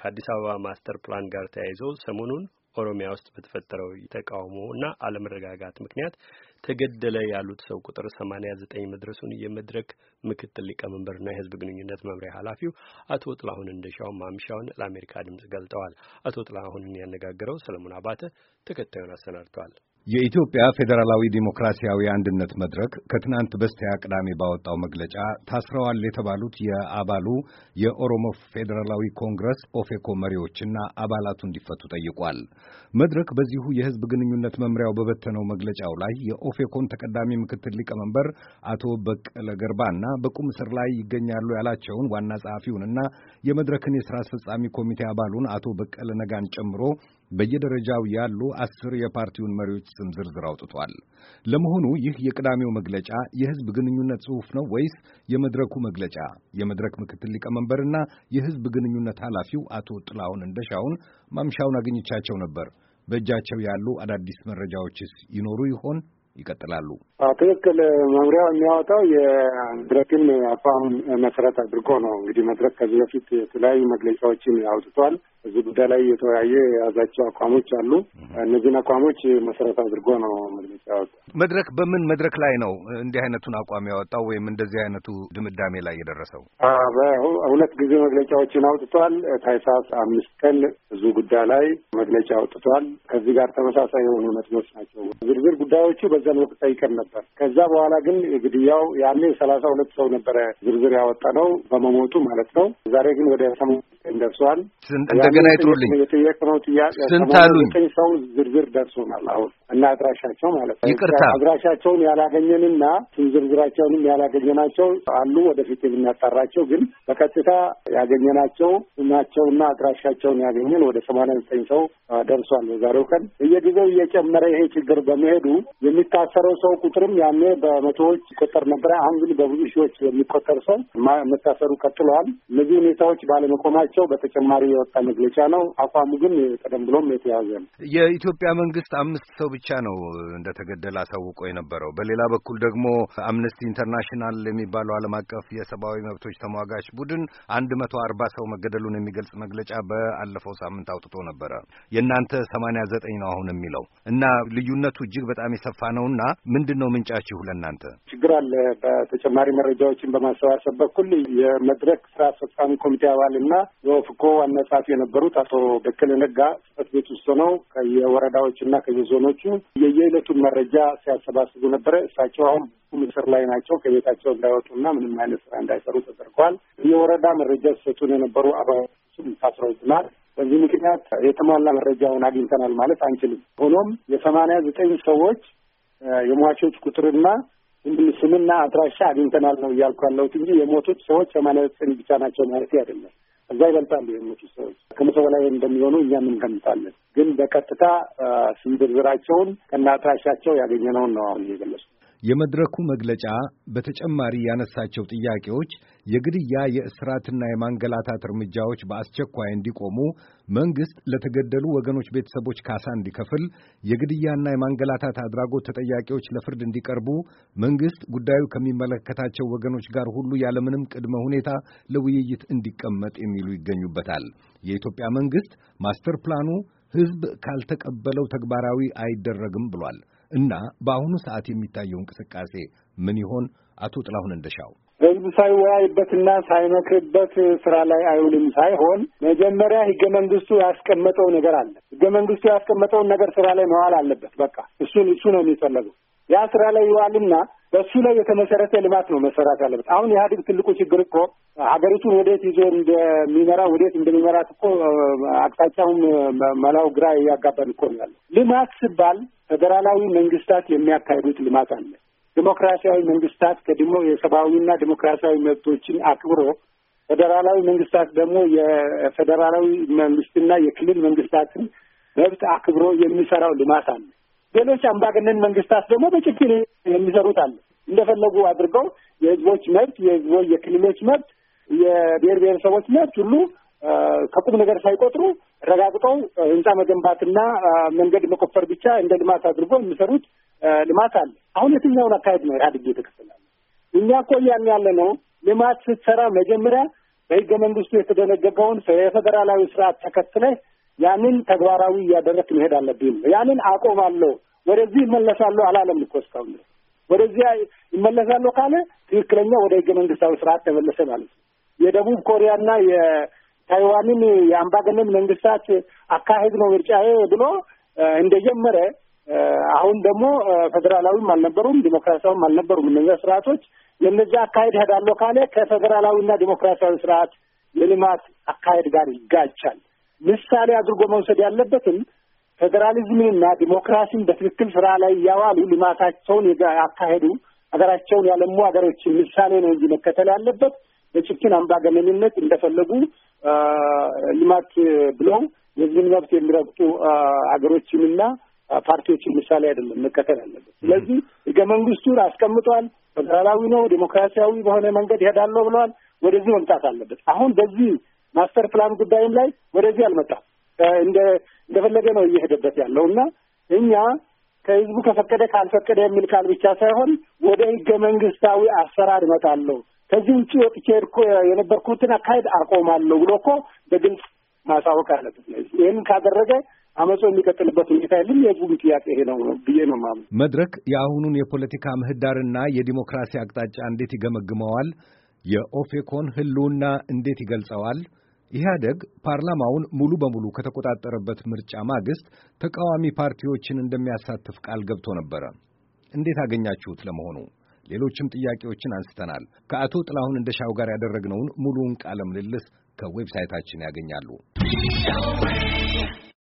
ከአዲስ አበባ ማስተር ፕላን ጋር ተያይዞ ሰሞኑን ኦሮሚያ ውስጥ በተፈጠረው ተቃውሞ እና አለመረጋጋት ምክንያት ተገደለ ያሉት ሰው ቁጥር 89 መድረሱን የመድረክ ምክትል ሊቀመንበርና የሕዝብ ግንኙነት መምሪያ ኃላፊው አቶ ጥላሁን እንደሻው ማምሻውን ለአሜሪካ ድምጽ ገልጠዋል። አቶ ጥላሁንን ያነጋገረው ሰለሞን አባተ ተከታዩን አሰናድቷል። የኢትዮጵያ ፌዴራላዊ ዴሞክራሲያዊ አንድነት መድረክ ከትናንት በስቲያ ቅዳሜ ባወጣው መግለጫ ታስረዋል የተባሉት የአባሉ የኦሮሞ ፌዴራላዊ ኮንግረስ ኦፌኮ መሪዎችና አባላቱ እንዲፈቱ ጠይቋል። መድረክ በዚሁ የሕዝብ ግንኙነት መምሪያው በበተነው መግለጫው ላይ የኦፌኮን ተቀዳሚ ምክትል ሊቀመንበር አቶ በቀለ ገርባና በቁም እስር ላይ ይገኛሉ ያላቸውን ዋና ጸሐፊውንና የመድረክን የሥራ አስፈጻሚ ኮሚቴ አባሉን አቶ በቀለ ነጋን ጨምሮ በየደረጃው ያሉ አስር የፓርቲውን መሪዎች ስም ዝርዝር አውጥቷል። ለመሆኑ ይህ የቅዳሜው መግለጫ የህዝብ ግንኙነት ጽሑፍ ነው ወይስ የመድረኩ መግለጫ? የመድረክ ምክትል ሊቀመንበርና የህዝብ ግንኙነት ኃላፊው አቶ ጥላሁን እንደሻውን ማምሻውን አግኝቻቸው ነበር። በእጃቸው ያሉ አዳዲስ መረጃዎችስ ይኖሩ ይሆን? ይቀጥላሉ። ትክክል። መምሪያው የሚያወጣው የመድረክን አቋም መሰረት አድርጎ ነው። እንግዲህ መድረክ ከዚህ በፊት የተለያዩ መግለጫዎችን አውጥቷል። እዚህ ጉዳይ ላይ የተወያየ የያዛቸው አቋሞች አሉ። እነዚህን አቋሞች መሰረት አድርጎ ነው መግለጫ ያወጣው። መድረክ በምን መድረክ ላይ ነው እንዲህ አይነቱን አቋም ያወጣው ወይም እንደዚህ አይነቱ ድምዳሜ ላይ የደረሰው? በሁለት ጊዜ መግለጫዎችን አውጥቷል። ታኅሳስ አምስት ቀን እዚሁ ጉዳይ ላይ መግለጫ አውጥቷል። ከዚህ ጋር ተመሳሳይ የሆኑ ነጥቦች ናቸው። ዝርዝር ጉዳዮቹ በዚ የዛን ወቅት ጠይቀን ነበር። ከዛ በኋላ ግን ግድያው ያኔ ሰላሳ ሁለት ሰው ነበረ ዝርዝር ያወጣ ነው በመሞቱ ማለት ነው። ዛሬ ግን ወደ ሰሙ ደርሰዋል። እንደገና ይጥሩልኝ የጠየቅነው ጥያቄ ስንት አሉኝ ሰው ዝርዝር ደርሶናል አሁን እና አድራሻቸው ማለት ነው። ይቅርታ አድራሻቸውን ያላገኘንና ስም ዝርዝራቸውንም ያላገኘናቸው አሉ። ወደፊት የምናጣራቸው ግን በቀጥታ ያገኘናቸው ስማቸውና አድራሻቸውን ያገኘን ወደ ሰማንያ ዘጠኝ ሰው ደርሷል። በዛሬው ቀን እየጊዜው እየጨመረ ይሄ ችግር በመሄዱ የሚታ የታሰረው ሰው ቁጥርም ያኔ በመቶዎች ይቆጠር ነበረ። አሁን ግን በብዙ ሺዎች የሚቆጠር ሰው መታሰሩ ቀጥለዋል። እነዚህ ሁኔታዎች ባለመቆማቸው በተጨማሪ የወጣ መግለጫ ነው። አቋሙ ግን ቀደም ብሎም የተያዘ ነው። የኢትዮጵያ መንግስት አምስት ሰው ብቻ ነው እንደተገደለ አሳውቆ የነበረው። በሌላ በኩል ደግሞ አምነስቲ ኢንተርናሽናል የሚባለው ዓለም አቀፍ የሰብአዊ መብቶች ተሟጋች ቡድን አንድ መቶ አርባ ሰው መገደሉን የሚገልጽ መግለጫ በአለፈው ሳምንት አውጥቶ ነበረ። የእናንተ ሰማንያ ዘጠኝ ነው አሁን የሚለው እና ልዩነቱ እጅግ በጣም የሰፋ ነው። ነውና ምንድን ነው ምንጫችሁ? ለእናንተ ችግር አለ። በተጨማሪ መረጃዎችን በማሰባሰብ በኩል የመድረክ ስራ አስፈጻሚ ኮሚቴ አባል እና የኦፍኮ ዋና ጸሐፊ የነበሩት አቶ በቀለ ነጋ ጽፈት ቤት ውስጥ ሆነው ከየወረዳዎች እና ከየዞኖቹ የየዕለቱን መረጃ ሲያሰባስቡ ነበረ። እሳቸው አሁን ምስር ላይ ናቸው። ከቤታቸው እንዳይወጡና ምንም አይነት ስራ እንዳይሰሩ ተደርገዋል። የወረዳ መረጃ ሲሰጡን የነበሩ አባሎችም ታስረው በዚህ ምክንያት የተሟላ መረጃውን አግኝተናል ማለት አንችልም። ሆኖም የሰማንያ ዘጠኝ ሰዎች የሟቾች ቁጥርና እንዲህ ስምና አድራሻ አግኝተናል ነው እያልኩ ያለሁት እንጂ የሞቱት ሰዎች ሰማንያ ዘጠኝ ብቻ ናቸው ማለት አይደለም። እዛ ይበልጣሉ የሞቱ ሰዎች ከመቶ በላይ እንደሚሆኑ እኛም እንገምታለን። ግን በቀጥታ ስም ዝርዝራቸውን ከነ አድራሻቸው ያገኘነውን ነው አሁን እየገለጹ የመድረኩ መግለጫ በተጨማሪ ያነሳቸው ጥያቄዎች የግድያ የእስራትና የማንገላታት እርምጃዎች በአስቸኳይ እንዲቆሙ፣ መንግሥት ለተገደሉ ወገኖች ቤተሰቦች ካሳ እንዲከፍል፣ የግድያና የማንገላታት አድራጎት ተጠያቂዎች ለፍርድ እንዲቀርቡ፣ መንግሥት ጉዳዩ ከሚመለከታቸው ወገኖች ጋር ሁሉ ያለምንም ቅድመ ሁኔታ ለውይይት እንዲቀመጥ የሚሉ ይገኙበታል። የኢትዮጵያ መንግሥት ማስተር ፕላኑ ሕዝብ ካልተቀበለው ተግባራዊ አይደረግም ብሏል። እና በአሁኑ ሰዓት የሚታየው እንቅስቃሴ ምን ይሆን? አቶ ጥላሁን እንደሻው ህዝብ ሳይወያይበትና ሳይመክርበት ስራ ላይ አይውልም ሳይሆን መጀመሪያ ህገ መንግስቱ ያስቀመጠው ነገር አለ። ህገ መንግስቱ ያስቀመጠውን ነገር ስራ ላይ መዋል አለበት። በቃ እሱን እሱ ነው የሚፈለገው። ያ ስራ ላይ ይዋልና በሱ ላይ የተመሰረተ ልማት ነው መሰራት ያለበት። አሁን ኢህአዴግ ትልቁ ችግር እኮ ሀገሪቱን ወዴት ይዞ እንደሚመራ ወዴት እንደሚመራት እኮ አቅጣጫውን መላው ግራ እያጋባን እኮ ነው ያለ። ልማት ሲባል ፌዴራላዊ መንግስታት የሚያካሂዱት ልማት አለ። ዲሞክራሲያዊ መንግስታት ከድሞ የሰብአዊና ዲሞክራሲያዊ መብቶችን አክብሮ ፌዴራላዊ መንግስታት ደግሞ የፌዴራላዊ መንግስትና የክልል መንግስታትን መብት አክብሮ የሚሰራው ልማት አለ። ሌሎች አምባገነን መንግስታት ደግሞ በጭፍን የሚሰሩት አለ። እንደፈለጉ አድርገው የህዝቦች መብት የህዝቦች የክልሎች መብት የብሔር ብሔረሰቦች መብት ሁሉ ከቁም ነገር ሳይቆጥሩ ረጋግጠው ህንፃ መገንባትና መንገድ መቆፈር ብቻ እንደ ልማት አድርጎ የሚሰሩት ልማት አለ። አሁን የትኛውን አካሄድ ነው ኢህአዴግ እየተከተላለ? እኛ እኮ እያን ያለ ነው ልማት ስትሰራ መጀመሪያ በህገ መንግስቱ የተደነገገውን የፌዴራላዊ ስርዓት ተከትለህ ያንን ተግባራዊ እያደረክ መሄድ አለብኝ። ያንን አቆማለሁ፣ ወደዚህ ይመለሳለሁ አላለም እኮ እስካሁን። ወደዚያ ይመለሳለሁ ካለ ትክክለኛ ወደ ህገ መንግስታዊ ስርዓት ተመለሰ ማለት ነው። የደቡብ ኮሪያና የታይዋንን የአምባገነን መንግስታት አካሄድ ነው ምርጫ ብሎ እንደጀመረ አሁን ደግሞ ፌዴራላዊም አልነበሩም ዲሞክራሲያዊም አልነበሩም እነዚያ ስርዓቶች። የነዚያ አካሄድ ሄዳለሁ ካለ ከፌዴራላዊና ዲሞክራሲያዊ ስርዓት የልማት አካሄድ ጋር ይጋጫል። ምሳሌ አድርጎ መውሰድ ያለበትም ፌዴራሊዝምንና ዲሞክራሲን በትክክል ስራ ላይ እያዋሉ ልማታቸውን ያካሄዱ ሀገራቸውን ያለሙ ሀገሮችን ምሳሌ ነው እንጂ መከተል ያለበት በጭፍን አምባገነንነት እንደፈለጉ ልማት ብለው የህዝብን መብት የሚረግጡ ሀገሮችንና ፓርቲዎችን ምሳሌ አይደለም መከተል ያለበት። ስለዚህ ህገ መንግስቱ አስቀምጧል። ፌዴራላዊ ነው፣ ዴሞክራሲያዊ በሆነ መንገድ ይሄዳለሁ ብለዋል። ወደዚህ መምጣት አለበት። አሁን በዚህ ማስተር ፕላን ጉዳይም ላይ ወደዚህ አልመጣም። እንደፈለገ ነው እየሄደበት ያለው እና እኛ ከህዝቡ ከፈቀደ ካልፈቀደ የሚል ቃል ብቻ ሳይሆን ወደ ህገ መንግስታዊ አሰራር እመጣለሁ ከዚህ ውጭ ወጥቼ የነበርኩትን አካሄድ አቆማለሁ ብሎ እኮ በግልጽ ማሳወቅ አለበት። ይህን ካደረገ አመፆ የሚቀጥልበት ሁኔታ የለም። የህዝቡ ጥያቄ ይሄ ነው ብዬ ነው ማምኑ። መድረክ የአሁኑን የፖለቲካ ምህዳርና የዲሞክራሲ አቅጣጫ እንዴት ይገመግመዋል? የኦፌኮን ህልውና እንዴት ይገልጸዋል? ኢህአደግ ፓርላማውን ሙሉ በሙሉ ከተቆጣጠረበት ምርጫ ማግስት ተቃዋሚ ፓርቲዎችን እንደሚያሳትፍ ቃል ገብቶ ነበረ። እንዴት አገኛችሁት? ለመሆኑ ሌሎችም ጥያቄዎችን አንስተናል። ከአቶ ጥላሁን እንደሻው ጋር ያደረግነውን ሙሉውን ቃለ ምልልስ ከዌብሳይታችን ያገኛሉ።